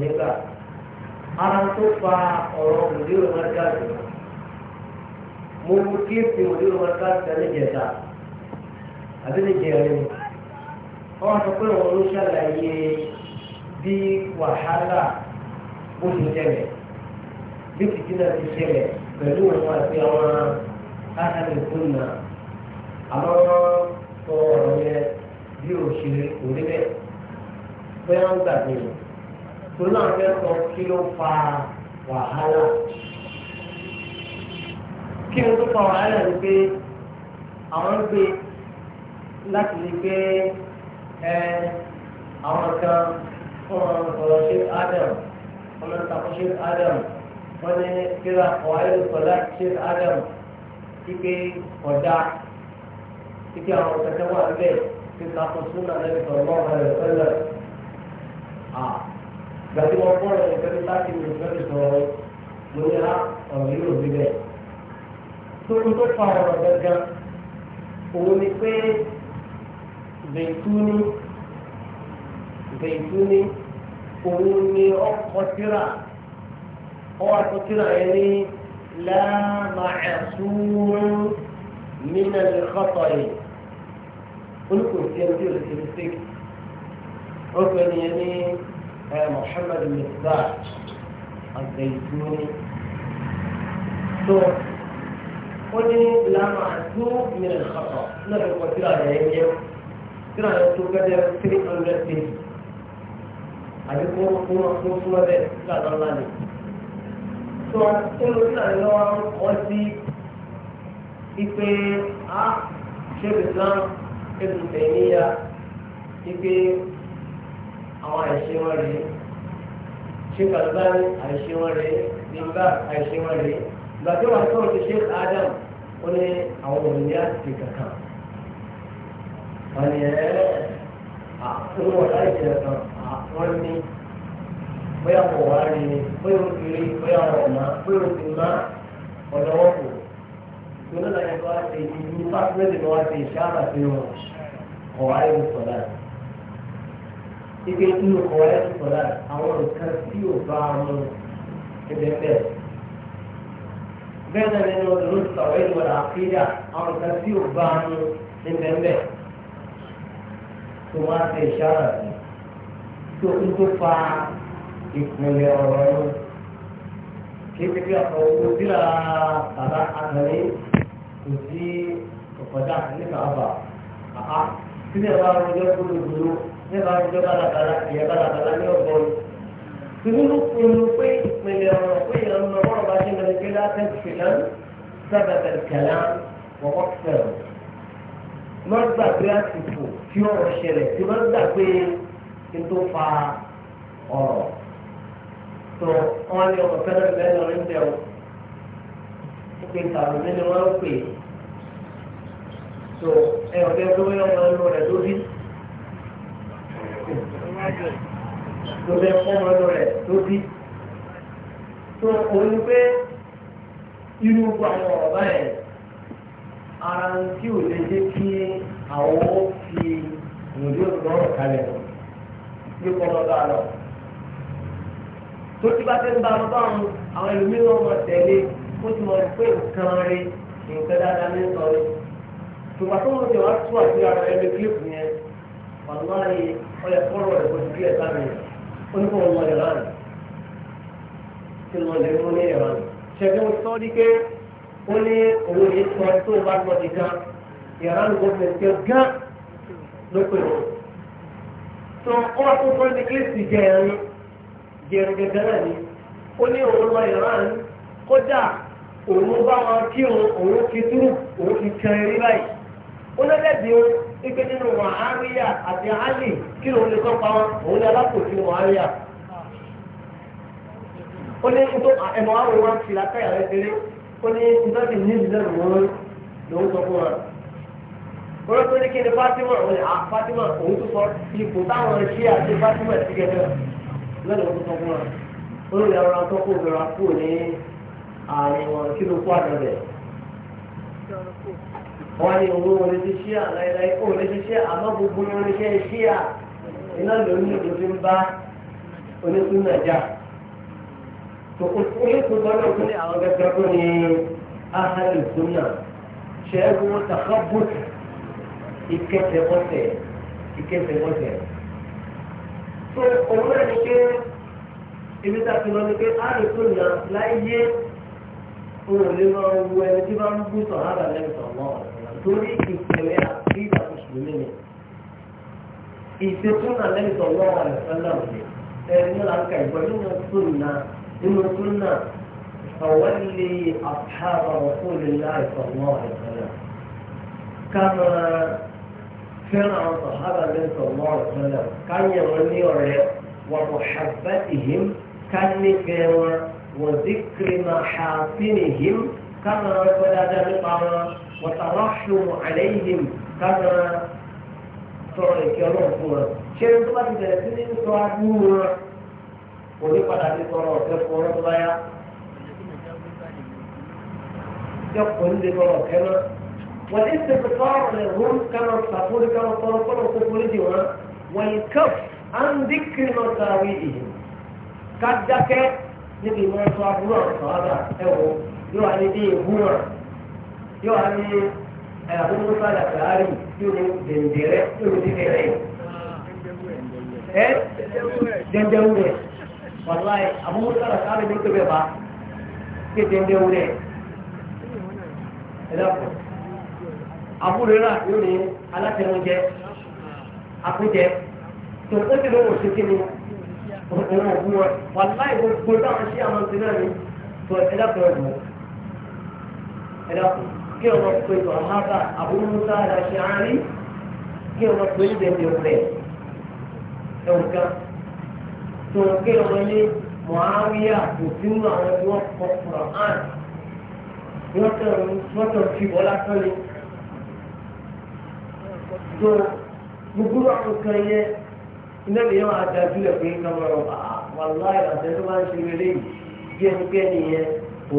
nígbà ara tó fa ọ̀rọ̀ mùdírò mọ́tíkàtì mo mú kíyèsí mùdírò mọ́tíkàtì ẹlẹ́jẹta àbẹ́lẹ́jẹrin wọ́n sọ pé wọ́n ló ṣàlàyé bí wàhálà bó ṣe ṣẹlẹ̀ bí kìtìnà ti ṣẹlẹ̀ pẹ̀lú òun àti àwọn áhàmìkúnnà àwọn sọ ọ̀rọ̀ yẹn bí òṣèré òdébẹ̀ bẹ́ẹ̀ ń gbàgbé rẹ̀ tó náà fẹ́ sọ kí ló fa wàhálà kí ló tó fa wàhálà ni pé àwọn ń gbé láti lè gbé ẹ àwọn kan fún ọmọ sọ̀rọ̀ ṣe Adam ọmọ ìtàkùn ṣe Adam wọ́n ní kíra ọ̀háyọ̀ sọ̀lá ṣe Adam ike ọ̀dà ike àwọn kẹtẹ wà níbẹ̀ kíkà fún súnà lẹ́yìn sọ̀rọ̀ mọ́ ọ̀hún ẹ̀rọ sẹ́lẹ̀ gbàtí wọn kọ́ ọ̀rọ̀ ìfẹ́ni láti mi ìfẹ́ni sọ̀rọ̀ mo ní á ọ̀rọ̀ yìí ò rí bẹ́ẹ̀. tóbi tó fa ọ̀rọ̀ gangan òun ni pé bẹ̀túni bẹ̀túni òun ni ọkọ̀ tíra ọwọ́ àtọ́ tíra yẹn محمد المصباح الزيتوني قل لا معزوم من الخطأ نبي وكرا يعني كرا تقدر 300 بيت أبيكم كم كم كم بيت لا والله لي so ẹnu tí àná lọ́wọ́ wọ́n sí ipe a ṣe bìtán ẹ̀dùn tẹ̀yìn níyà àwọn àìṣe wọn rèé ṣé kàlùbáyé àìṣe wọn rèé nígbà àìṣe wọn rèé ìgbà tí wọn sọ̀rọ̀ ti ṣe Adam ó ní àwọn òmìnira ti kankan wọn ni ẹ àwọn wọn láì ṣe kankan wọn ní bóyá kò wá rí ni bóyá o ti rí bóyá o má bóyá o ti má ọ̀dọ̀ wọn kò tó lọ́la yẹn kó wá ṣe ìdí nípa pẹ́ẹ́lí ni wọ́n ti ṣe àbàtì wọn kò wá rí o sọ̀rọ̀ àti ike inú kọ ẹ sọlá àwọn nǹkan tí ò bá ọmọ ẹgbẹ bẹ́ẹ̀ bẹ́ẹ̀ náà nínú ìlú sọ̀rọ̀ ìlú ọ̀la àkíyà àwọn nǹkan tí ò bá ọmọ ẹgbẹ bẹ́ẹ̀ tó wá ṣe ìṣára rẹ tó ń tó fa ìpínlẹ̀ ọ̀rọ̀ ẹ kìí ṣe pé ọkọ owó síra tàbá àtàlẹ kò sí ọkọjá nípa àbà àá sílẹ̀ bá wọn jẹ́ kó lóògbé nípa ọjọ́ balabala ìyẹn balabala ní ọ̀bọ̀ yìí. Tùdúrú pinnu pé ìpìlẹ̀ ọ̀rọ̀ pé ìrànlọ́ ọ̀rọ̀ bá ṣe mẹ́rin pé látẹ̀ fìlà sábàtà kàlá wọ́wọ́ fẹ̀rọ̀. Má gbàgbé àsìkò tí ọ̀rọ̀ ṣẹlẹ̀ tí má gbàgbé kí n tó fa ọ̀rọ̀. Tó wọ́n ní ọmọ fẹ́rẹ́ mẹ́rin ọ̀rẹ́ ń bẹ̀ wọ́n. Ó pe ìtàwọn mẹ́rin wọ́n ń pè. Tó ẹ̀ ọ̀gá ló fẹ́ fọ́mọ ọdọ rẹ̀ tó bí tó òun pé irú àwọn ọ̀bá yẹn ara ń tí ò lè jẹ́ kí àwọn ó fi ìròyìn olùdọ́rọ̀ kalẹ̀ ní kọ́mọ bá lọ. tó ti bá fẹ́ ń bá wọn báwọn àwọn ẹlòmíràn wọn tẹ̀lé ó ti mọ̀ pé nǹkan rí nǹkan dáadáa ní sọ rí. tùmọ̀ tó ń tẹ̀ wá tú àti ara ẹni kílípù yẹn wàlúwàá yìí ọ̀yẹ̀kọ́rọ̀ rẹ̀ kò sí kílẹ̀ sáà nìyẹn oníkó wọn lọ ìran tí wọn lè mú ní ìran ṣẹlẹ̀ wọn sọ ní pé ó ní owó yìí sọ tó bá lọ ní gan ìran gómìnà tẹ gán ló pè wọn. tó wọn tó sọ ní kílísì jẹrin jẹrin gẹ́gẹ́ náà ni ó ní òun lọ ìran kódà òun bá wọn kírun òun kí túrú òun kí kẹrin báyìí olólẹ́bí o ike nínú wàhálíyà àti ali kí ló ń lè tọ́pa wọn òun ni alákòóso wàhálíyà. ó ní nítorí ẹ̀mọ́ àwọn wọn ti lákàyà rẹ̀ kéré ó ní nítorí ní ìdílé wọn ló ń sọ fún wa. wọ́n tó ní kí ni Fatima òun ni Fatima òun tó sọ ipò táwọn ṣí àti Fatima ti gẹ̀gẹ̀ lọ́dọ̀ òun tó sọ fún ra tọ́kù òbí ra ní àárín wọn kí ló kó àdàbẹ̀ wọ́n ní òun ò lè ti ṣíà láìláì ó lè ti ṣíà àmọ́ gbogbo ní oníṣẹ́ ṣíà iná lòun ní òfin bá onísúnà jà olùkùnkùn náà tún ní àwọn gẹ́gẹ́ tó ní ahàlù súnà ṣẹ́gun takabut ìkẹsẹ̀kọsẹ̀ ìkẹsẹ̀kọsẹ̀ tó òun náà ní pé ibi tá a ti lọ ní pé ahàlù súnà láyé wọn ò lè lọ wo ẹni tí bá ń gbé sọ̀hárà lẹ́yìn sọ̀mọ́ torí ìpìlẹ̀ àti ìdá mùsùlùmí ni ìṣètúnà lẹ́yìn sọ̀mọ́ àlẹ́sọ́lá òde ẹni àǹkà ìgbọ́ nínú súnà nínú súnà ọ̀wẹ́lì àtàrà ní ọ̀rẹ́ wọn وذكر محاسنهم كما ولا دقا وترحم عليهم كما تركهم شيء طبعا تدرسين تعبوا ولقد أتوا تفكروا ضيا يقول لك كما والاستغفار لهم كما تقول كما تقول تقول والكف عن ذكر مساوئهم قد ذكر níbi ìmọ̀ ẹ̀tọ́ àbúrò sọ̀rọ̀ ẹ̀wọ̀ yóò wá ní bí ìbúrò yóò wá ní àbúrò sọ̀rọ̀ àtàárì yóò ní dèndèrè yóò ní dèndèrè ẹ̀ dèndèrè wàláì àbúrò sọ̀rọ̀ àtàárì ní tó bẹ̀ bá ké dèndèrè ẹ̀dàpọ̀ àbúrò náà yóò ní alátẹnujẹ àkújẹ tó ń tẹ́tẹ́ lọ́wọ́ sí kí òun òkú wọn wàláì gbogbo táwọn ṣí àwọn ti náà ní sọ ẹ̀dá kan ẹ̀dùn ẹ̀dá kí ọmọ pé tó àhábà àbúrò musa ẹ̀dá ṣe àárín kí ọmọ pé ibẹ̀ ti rẹ̀ ẹ̀wọ̀n kan tó kí ọmọ ní mọ̀háríà kò sí nínú àwọn tí wọ́n kọ Quran wọ́n tẹ̀ ń fi bọ́lá sọ́ni tó gbogbo àwọn kan yẹn iná lè yẹn wọn adájú ẹ̀ pé kàmọ́rọ̀ wàláì àtẹ́tọ́ máa ah, ń ṣe lélẹ́yìn bí ẹni pé ẹni